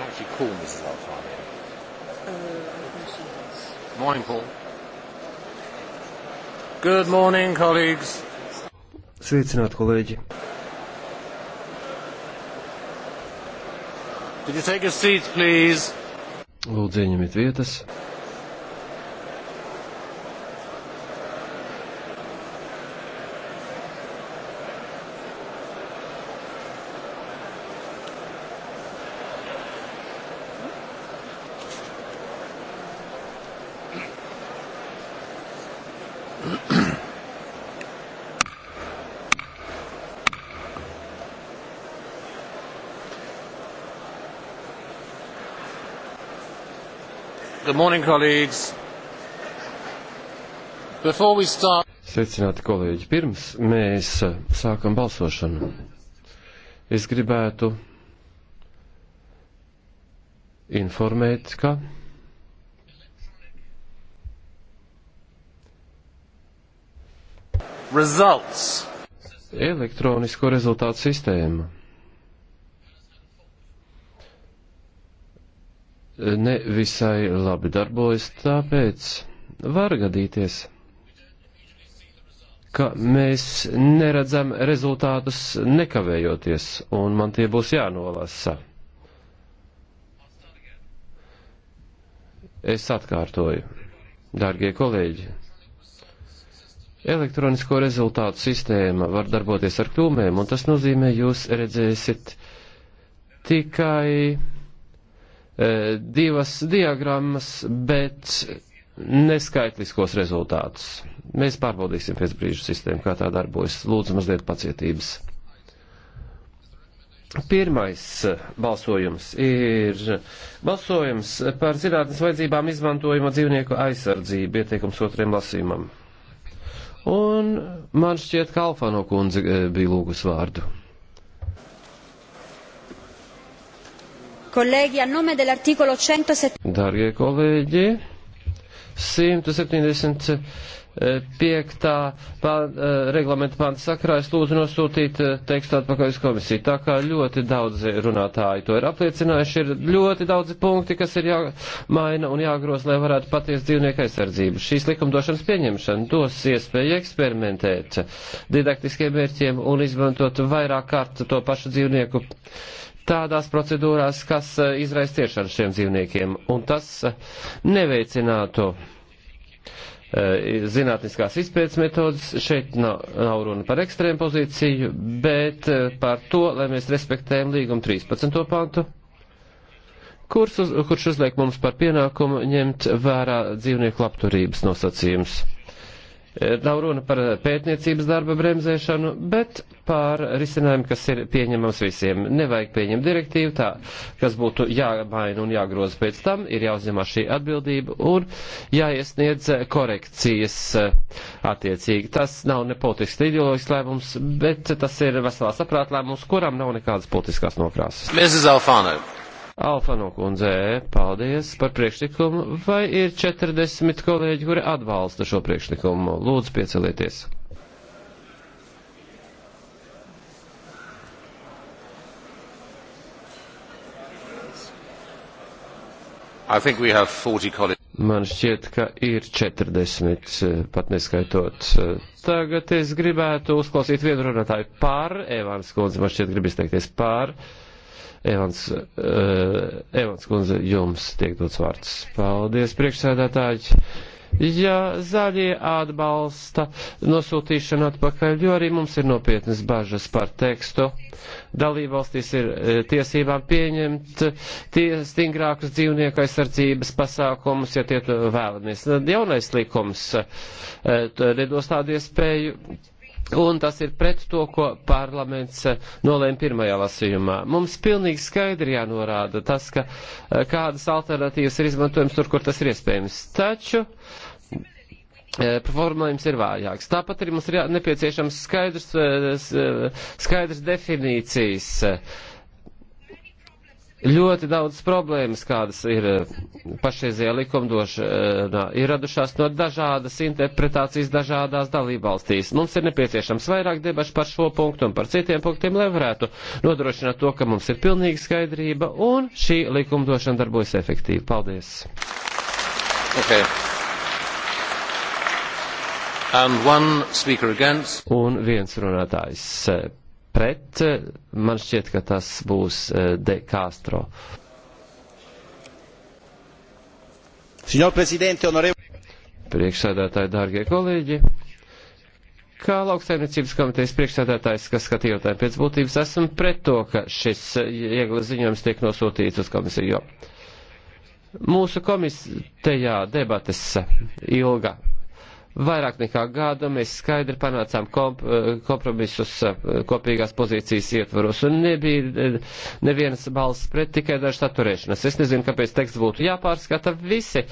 Well, actually call Mrs. Alfani. Uh, Morning, Paul. Good morning, colleagues. Sveicināti, kolēģi. Did you take a seat, please? Lūdzu, ieņemiet vietas. Good morning, colleagues. Before we start. Sveicināti, kolēģi. Pirms mēs uh, sākam balsošanu, es gribētu informēt, ka Results. elektronisko rezultātu sistēma. ne visai labi darbojas, tāpēc var gadīties, ka mēs neredzam rezultātus nekavējoties, un man tie būs jānolasa. Es atkārtoju, dārgie kolēģi, elektronisko rezultātu sistēma var darboties ar kļūmēm, un tas nozīmē, jūs redzēsiet tikai E, divas diagrammas, bet neskaitliskos rezultātus. Mēs pārbaudīsim pēc brīža sistēmu, kā tā darbojas. Lūdzu, mazliet pacietības. Pirmais balsojums ir balsojums par zinātnes vajadzībām izmantojamo dzīvnieku aizsardzību ieteikums otriem lasījumam. Un man šķiet, ka Alfano kundze e, bija lūgus vārdu. Kolēģi, a nome dell'articolo 107. Dargie kolēģi, 175. Eh, eh, reglamenta panta sakrā es lūdzu nosūtīt eh, tekstu atpakaļ uz komisiju. Tā kā ļoti daudz runātāji to ir apliecinājuši, ir ļoti daudzi punkti, kas ir jāmaina un jāgroz, lai varētu paties dzīvnieku aizsardzību. Šīs likumdošanas pieņemšana dos iespēju eksperimentēt didaktiskiem mērķiem un izmantot vairāk kārt to pašu dzīvnieku tādās procedūrās, kas eh, izraisa ciešanu šiem dzīvniekiem, un tas eh, neveicinātu eh, zinātniskās izpētes metodas. Šeit nav, nav runa par ekstrēmu pozīciju, bet par to, lai mēs respektējam līgumu 13. pantu, kurš, uz, kurš uzliek mums par pienākumu ņemt vērā dzīvnieku labturības nosacījumus. Nav runa par pētniecības darba bremzēšanu, bet par risinājumu, kas ir pieņemams visiem. Nevajag pieņemt direktīvu tā, kas būtu jāmaina un jāgroza pēc tam, ir jāuzņemās šī atbildība un jāiesniedz korekcijas eh, attiecīgi. Tas nav ne politisks ideoloģisks lēmums, bet tas ir veselā saprāta lēmums, kuram nav nekādas politiskās nokrāsas. Mrs. Alfano. Alfano kundzē, paldies par priekšlikumu, vai ir 40 kolēģi, kuri atbalsta šo priekšlikumu? Lūdzu, piecelieties! Man šķiet, ka ir 40, pat neskaitot. Tagad es gribētu uzklausīt vienu runātāju par Evans kundzi, man šķiet grib izteikties par. Uh, Evans, eh, Evans kundze, jums tiek dots vārds. Paldies, priekšsēdētāji. Ja zaļie atbalsta nosūtīšanu atpakaļ, jo arī mums ir nopietnas bažas par tekstu, dalībvalstīs ir eh, tiesībām pieņemt tie stingrākus dzīvnieku aizsardzības pasākumus, ja tie vēlamies. Jaunais likums eh, nedos tādu iespēju Un tas ir pret to, ko parlaments eh, nolēma pirmajā lasījumā. Mums pilnīgi skaidri jānorāda tas, ka eh, kādas alternatīvas ir izmantojams tur, kur tas ir iespējams. Taču eh, formulējums ir vājāks. Tāpat arī mums ir nepieciešams skaidrs, skaidrs definīcijas Ļoti daudz problēmas, kādas ir eh, pašreizajā likumdošanā, ir radušās no dažādas interpretācijas dažādās dalībvalstīs. Mums ir nepieciešams vairāk debašu par šo punktu un par citiem punktiem, lai varētu nodrošināt to, ka mums ir pilnīga skaidrība un šī likumdošana darbojas efektīvi. Paldies! Okay. Un viens runātājs pret, eh, man šķiet, ka tas būs eh, De Castro. Priekšsēdētāji, dārgie kolēģi, kā lauksaimniecības komitejas priekšsēdētājs, kas skatīja jautājumu pēc būtības, esmu pret to, ka šis eh, ieglas ziņojums tiek nosūtīts uz komisiju. Mūsu komitejā debates ilga Vairāk nekā gada mēs skaidri panācām komp eh, kompromisus eh, kopīgās pozīcijas ietvaros, un nebija eh, nevienas balss pret, tikai dažas atturēšanas. Es nezinu, kāpēc teksts būtu jāpārskata. Visi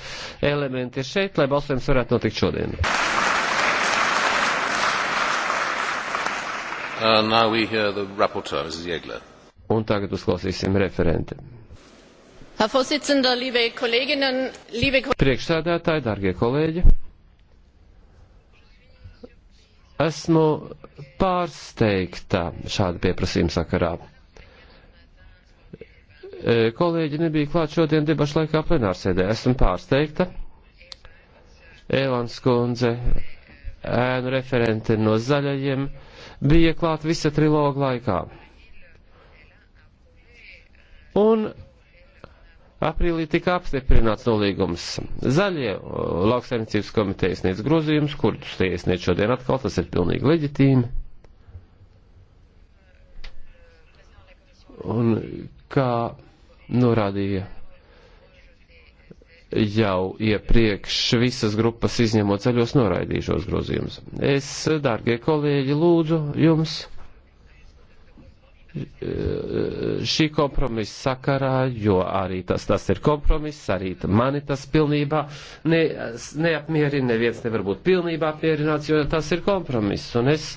elementi ir šeit, lai balsojums varētu notikt šodien. Uh, un tagad uzklausīsim referenti. Herr Vorsitzender, liebe Kolleginnen, liebe Kollegen. Priekšsēdētāji, dārgie kolēģi. Esmu pārsteigta šāda pieprasījuma sakarā. E, kolēģi nebija klāt šodien debašu laikā plenārsēdē. Esmu pārsteigta. Evans kundze, ēnu referente no zaļajiem, bija klāt visa trilogu laikā. Un Aprīlī tika apstiprināts nolīgums. Zaļie lauksaimniecības komiteja sniedz grozījumus, kurus tie iesniedz šodien atkal, tas ir pilnīgi leģitīmi. Un kā norādīja jau iepriekš visas grupas izņemot ceļos noraidīšos grozījumus. Es, dārgie kolēģi, lūdzu jums šī kompromisa sakarā, jo arī tas, tas ir kompromiss, arī mani tas pilnībā ne, neapmierina, neviens nevar būt pilnībā apmierināts, jo tas ir kompromiss, un es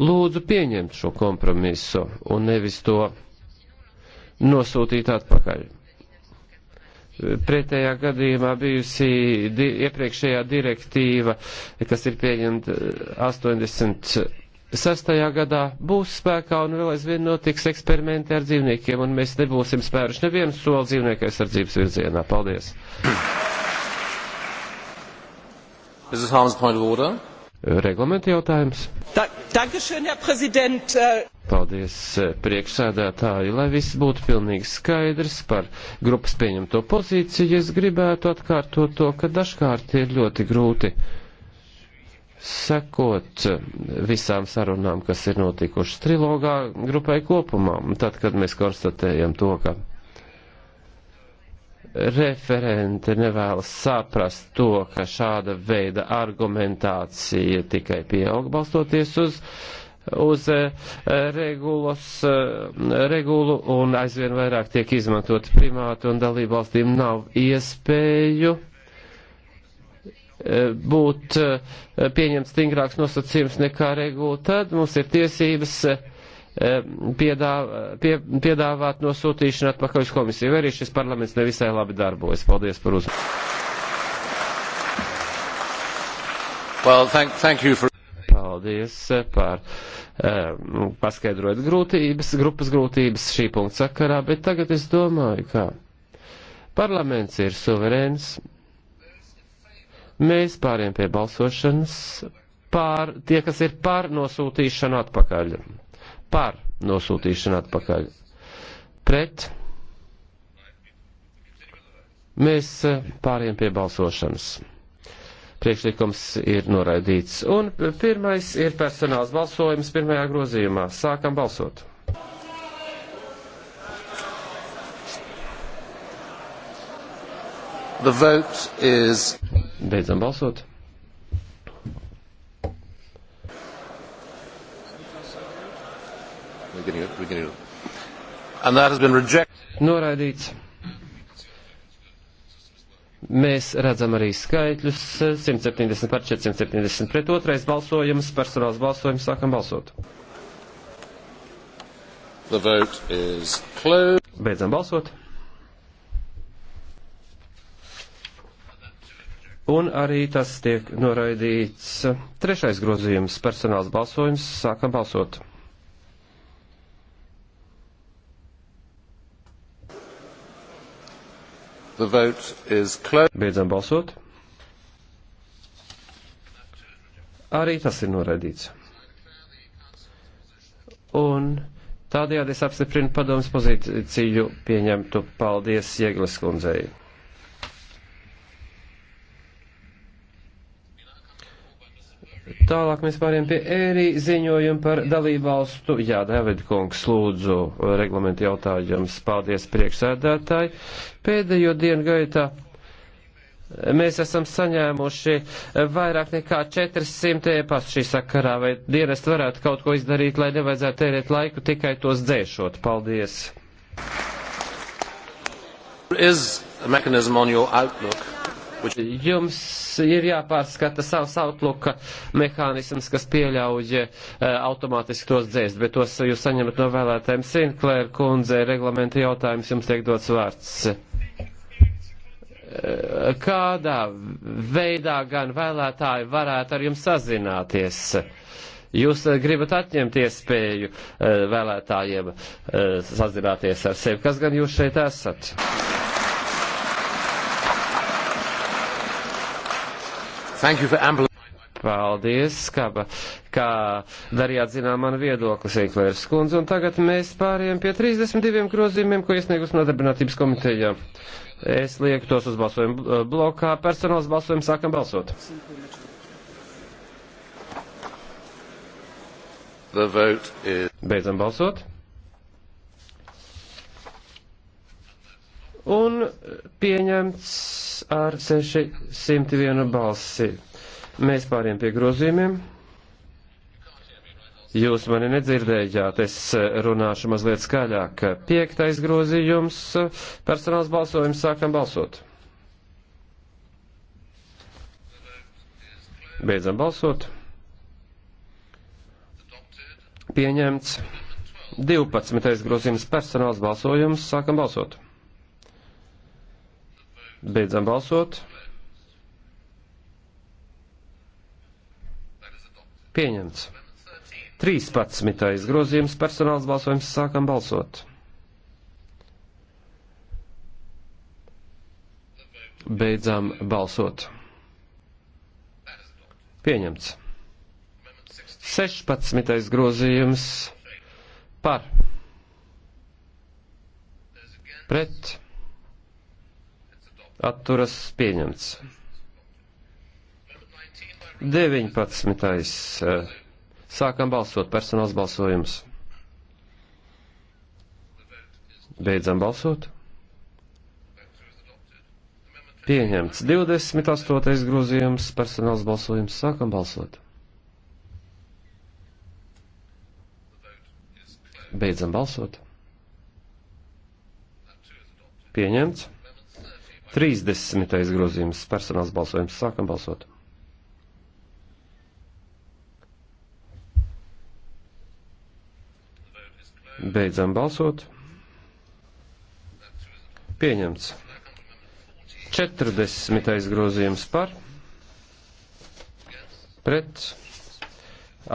lūdzu pieņemt šo kompromisu un nevis to nosūtīt atpakaļ. Pretējā gadījumā bijusi di iepriekšējā direktīva, kas ir pieņemta 80. Eh, sastajā gadā būs spēkā un vēl aizvien notiks eksperimenti ar dzīvniekiem, un mēs nebūsim spēruši nevienu soli dzīvnieku aizsardzības virzienā. Paldies! Reglamenta jautājums. Da, Dankeschön, Herr Präsident. Äh, Paldies, eh, priekšsēdētāji. Lai viss būtu pilnīgi skaidrs par grupas pieņemto pozīciju, es gribētu atkārtot to, ka dažkārt ir ļoti grūti sekot visām sarunām, kas ir notikušas trilogā grupai kopumā. Tad, kad mēs konstatējam to, ka referente nevēlas saprast to, ka šāda veida argumentācija tikai pieaug balstoties uz uz eh, regulas, eh, regulu un aizvien vairāk tiek izmantot primāti un dalībvalstīm nav iespēju būt eh, pieņemts stingrāks nosacījums nekā regula, tad mums ir tiesības eh, piedāvā, pie, piedāvāt nosūtīšanu atpakaļ uz komisiju. Vai arī šis parlaments nevisai labi darbojas? Paldies par uzmanību. Well, thank, thank you for... Paldies par um, eh, paskaidrot grūtības, grupas grūtības šī punkta sakarā, bet tagad es domāju, ka parlaments ir suverēns Mēs pāriem pie balsošanas pār tie, kas ir pār nosūtīšanu atpakaļ. Pār nosūtīšanu atpakaļ. Pret. Mēs eh, pāriem pie balsošanas priekšlikums ir noraidīts. Un pirmais ir personāls balsojums pirmajā grozījumā. Sākam balsot. Is... Beidzam balsot. Noraidīts. Mēs redzam arī skaitļus 170 par 470 pret otrais balsojums, personāls balsojums, sākam balsot. Beidzam balsot. Un arī tas tiek noraidīts. Trešais grozījums - personāls balsojums. Sākam balsot. Beidzam balsot. Arī tas ir noraidīts. Un tādējādi es apstiprinu padomas pozīciju pieņemtu. Paldies Jēglas kundzei. Tālāk mēs pāriem pie ērī ziņojumu par dalībvalstu. Jā, David Kungs, lūdzu, reglamentu jautājums. Paldies, priekšsēdētāji. Pēdējo dienu gaitā mēs esam saņēmuši vairāk nekā 400 ēpastu šī sakarā, vai dienest varētu kaut ko izdarīt, lai nevajadzētu tērēt laiku tikai tos dzēšot. Paldies. Is a mechanism on your outlook. Jums ir jāpārskata savs outluka mehānisms, kas pieļauj uh, automātiski tos dzēst, bet tos jūs saņemat no vēlētājiem. Sinklēra kundze, reglamenta jautājums jums tiek dots vārds. Eh, kādā veidā gan vēlētāji varētu ar jums sazināties? Jūs eh, gribat atņemt iespēju vēlētājiem sazināties ar sevi. Kas gan jūs šeit esat? ample... Paldies, ka, ka darījāt zinām manu viedokli, Seiklērs Skundze, un tagad mēs pāriem pie 32 grozījumiem, ko iesniegus nodarbinātības komiteja. Es lieku tos uz balsojumu blokā, personāls balsojumu sākam balsot. Is... Beidzam balsot. Un pieņemts ar 601 balsi. Mēs pāriem pie grozījumiem. Jūs mani nedzirdējāt, es runāšu mazliet skaļāk. Piektais grozījums, personāls balsojums, sākam balsot. Beidzam balsot. Pieņemts. 12. grozījums personāls balsojums. Sākam balsot. Beidzam balsot. Pieņemts. 13. grozījums personāls balsojums sākam balsot. Beidzam balsot. Pieņemts. 16. grozījums par pret atturas pieņemts. 19. Sākam balsot, personāls balsojums. Beidzam balsot. Pieņemts 28. grozījums, personāls balsojums, sākam balsot. Beidzam balsot. Pieņemts 30. grozījums personāls balsojums. Sākam balsot. Beidzam balsot. Pieņemts. 40. grozījums par, pret,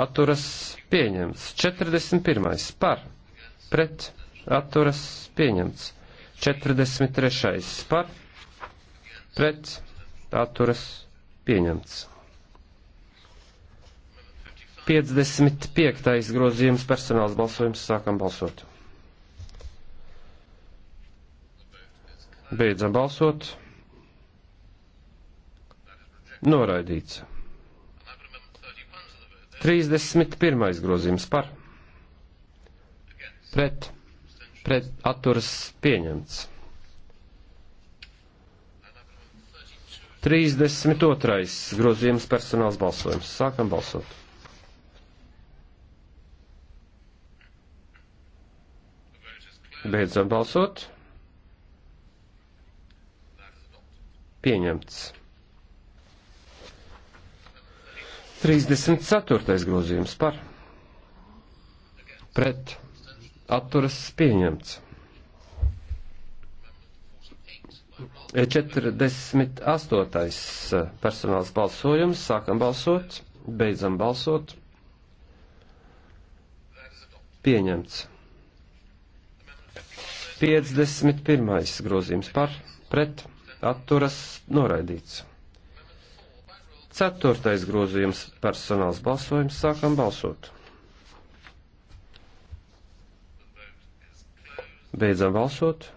atturas pieņemts. 41. par, pret, atturas pieņemts. 43. par, pret atturas pieņemts. 55. grozījums personāls balsojums sākam balsot. Beidzam balsot. Noraidīts. 31. grozījums par. Pret. Pret atturas pieņemts. 32. grozījums personāls balsojums. Sākam balsot. Beidzam balsot. Pieņemts. 34. grozījums par. Pret. Atturas pieņemts. 48. Eh, personāls balsojums. Sākam balsot, beidzam balsot. Pieņemts. 51. grozījums par, pret, atturas, noraidīts. 4. grozījums personāls balsojums. Sākam balsot. Beidzam balsot.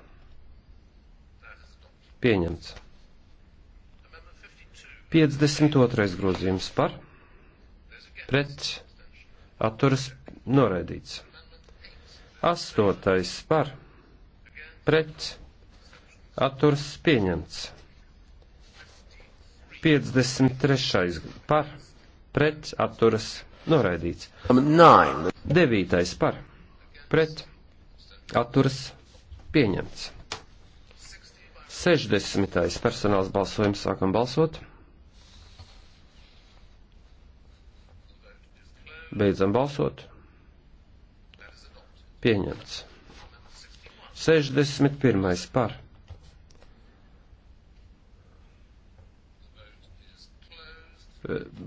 Pieņemts. 52. grozījums par, pret, atturas noraidīts. 8. par, pret, atturas pieņemts. 53. par, pret, atturas noraidīts. 9. par, pret, atturas pieņemts. 60. personāls balsojums sākam balsot. Beidzam balsot. Pieņemts. 61. par.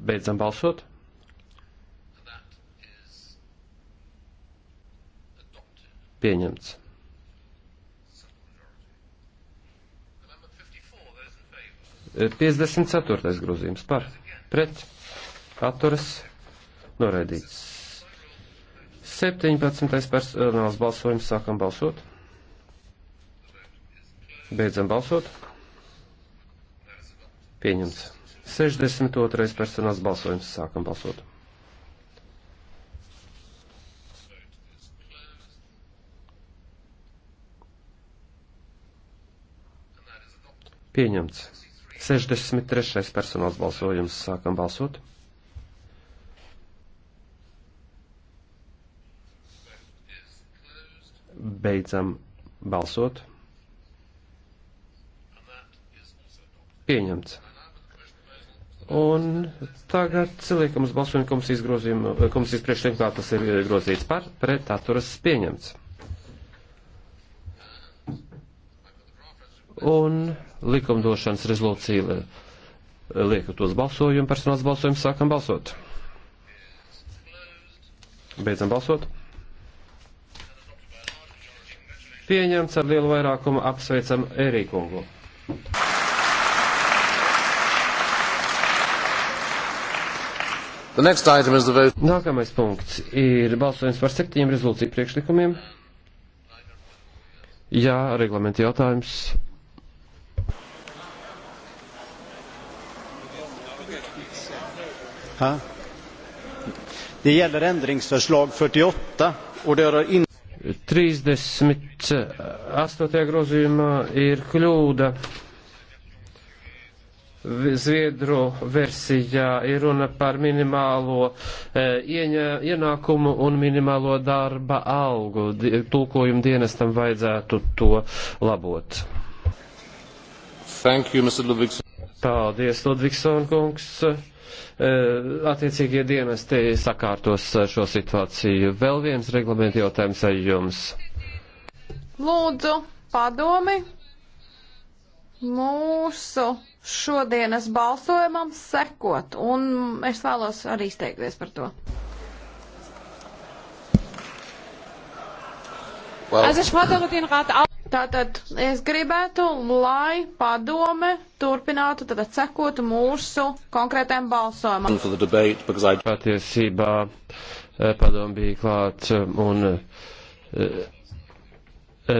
Beidzam balsot. Pieņemts. 54. grozījums par pret atturas noraidīts. 17. personāls balsojums sākam balsot. Beidzam balsot. Pieņemts. 62. personāls balsojums sākam balsot. Pieņemts. 63. personāls balsojums. Sākam balsot. Beidzam balsot. Pieņemts. Un tagad liekam uz balsojumu komisijas grozījumu, komisijas priekšlikumu, kā tas ir grozīts par, pret atturas pieņemts. Un likumdošanas rezolūcija eh, liekat uz balsojumu, personāls balsojumu, sākam balsot. Beidzam balsot. Pieņemts ar lielu vairākumu apsveicam Erīkungu. Nākamais punkts ir balsojums par septiņiem rezolūciju priekšlikumiem. Jā, reglamenta jautājums. Ha? Det gäller ändringsförslag 48 och det rör in... 38. grozījumā ir kļūda. Zviedru versijā ir runa par minimālo e, ieņa, ienākumu un minimālo darba algu. Tulkojuma dienestam vajadzētu to labot. Thank you, Mr. Ludvigson. Paldies, Ludvigson kungs attiecīgie dienesti sakārtos šo situāciju. Vēl viens reglamenta jautājums ar jums. Lūdzu, padomi. Mūsu šodienas balsojumam sekot, un es vēlos arī izteikties par to. Well. Also ich fordere den Rat auf. Tātad es gribētu, lai padome turpinātu, tad sekotu mūsu konkrētajam balsojumam. Patiesībā eh, padome bija klāt eh, un e, e,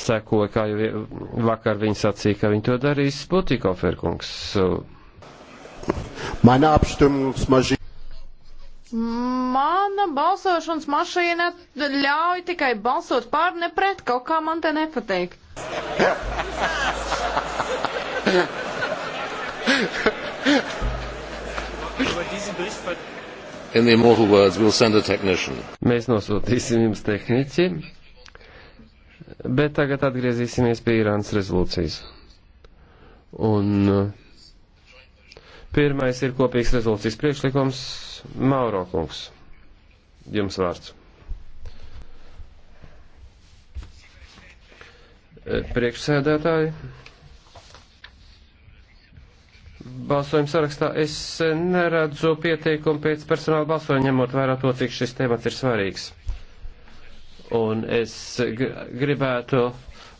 sekoja, kā jau vakar viņi sacīja, ka viņi to darīs Butikoferkungs. Meine Abstimmungsmaschine. Mana balsošanas mašīna ļauj tikai balsot pār, ne pret, kaut kā man te nepatīk. In the immortal words, we'll send a technician. Mēs nosūtīsim jums tehniķi, bet tagad atgriezīsimies pie Irānas rezolūcijas. Un uh, Pirmais ir kopīgs rezolūcijas priekšlikums Mauro kungs. Jums vārds. E, priekšsēdētāji. Balsojuma sarakstā es neredzu pieteikumu pēc personāla balsojuma, ņemot vērā to, cik šis temats ir svarīgs. Un es gribētu,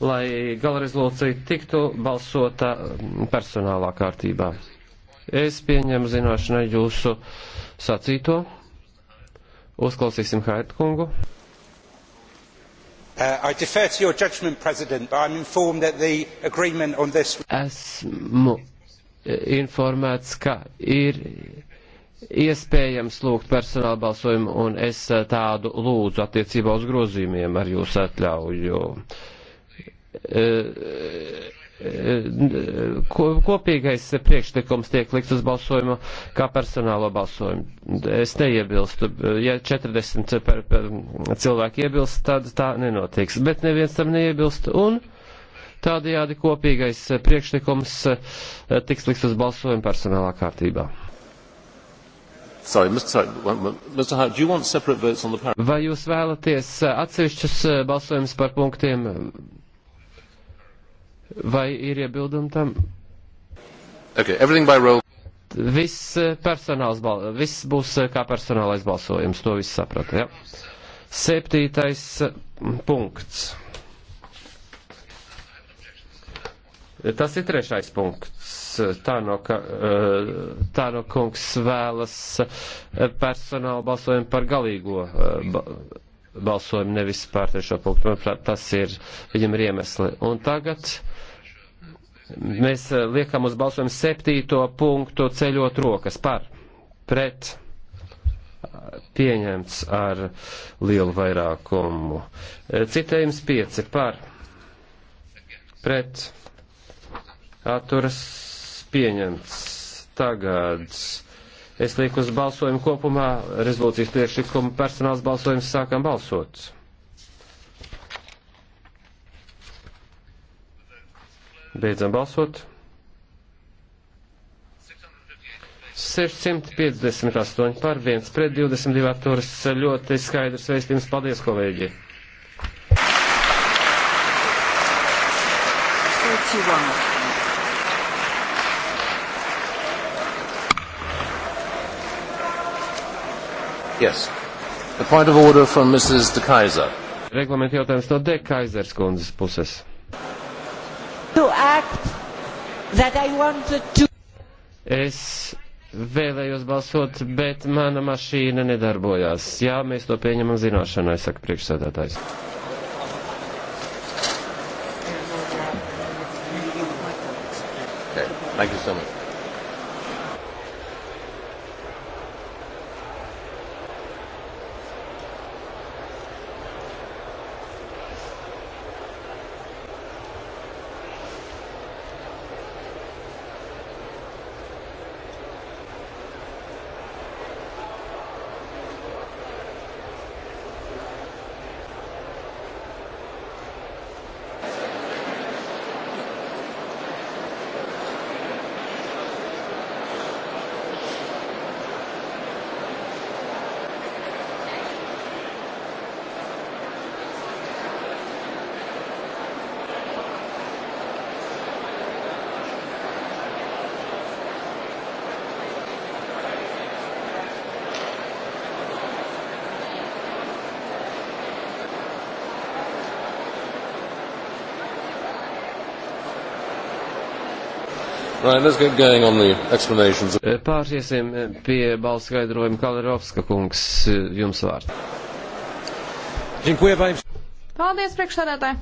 lai gala rezolūcija tiktu balsota personālā kārtībā. Es pieņemu zināšanai jūsu sacīto. Uzklausīsim Haitkungu. Uh, this... Esmu uh, informēts, ka ir iespējams lūgt personāla balsojumu, un es uh, tādu lūdzu attiecībā uz grozījumiem ar jūsu atļauju. Uh, kopīgais priekšlikums tiek likt uz balsojumu kā personālo balsojumu. Es neiebilstu. Ja 40 per, per cilvēki iebilst, tad tā nenotiks. Bet neviens tam neiebilst. Un tādajādi kopīgais priekšlikums eh, tiks likt uz balsojumu personālā kārtībā. Sorry, Mr. Mr. Hart, do you want separate votes on the paragraph? Vai jūs vēlaties eh, atsevišķus eh, balsojumus par punktiem? Vai ir iebildumi tam? Okay, viss eh, personāls, viss būs eh, kā personālais balsojums, to viss saprata, jā. Ja? Septītais eh, punkts. Tas ir trešais punkts. Tā no, ka, tā no kungs vēlas personāla balsojumu par galīgo balsojumu, nevis par trešo punktu. Manuprāt, tas ir, viņam ir iemesli. Un tagad mēs eh, liekam uz balsojumu septīto punktu ceļot rokas par, pret, pieņemts ar lielu vairākumu. Eh, citējums pieci par, pret, atturas pieņemts. Tagad Es lieku uz balsojumu kopumā rezolūcijas priekšlikumu personāls balsojums sākam balsot. Beidzam balsot. 658 par 1 pret 22 atturas ļoti skaidrs veistījums. Paldies, kolēģi! Thank you. Yes. The point of order from Mrs. De Kaiser. Reglamenta jautājums no De Kaisers kundzes puses. To act that I wanted to. Es vēlējos balsot, bet mana mašīna nedarbojās. Jā, mēs to pieņemam zināšanai, saka priekšsēdētājs. Okay. Thank you so much. Eh, pāriesim eh, pie balss skaidrojuma. Kalerovska kungs, eh, jums vārds. Paldies, priekšsēdētāji!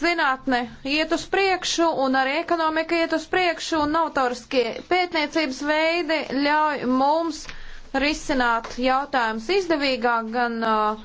Zinātne iet uz priekšu un arī ekonomika iet uz priekšu un autorskie pētniecības veidi ļauj mums risināt jautājumus izdevīgāk gan. Uh,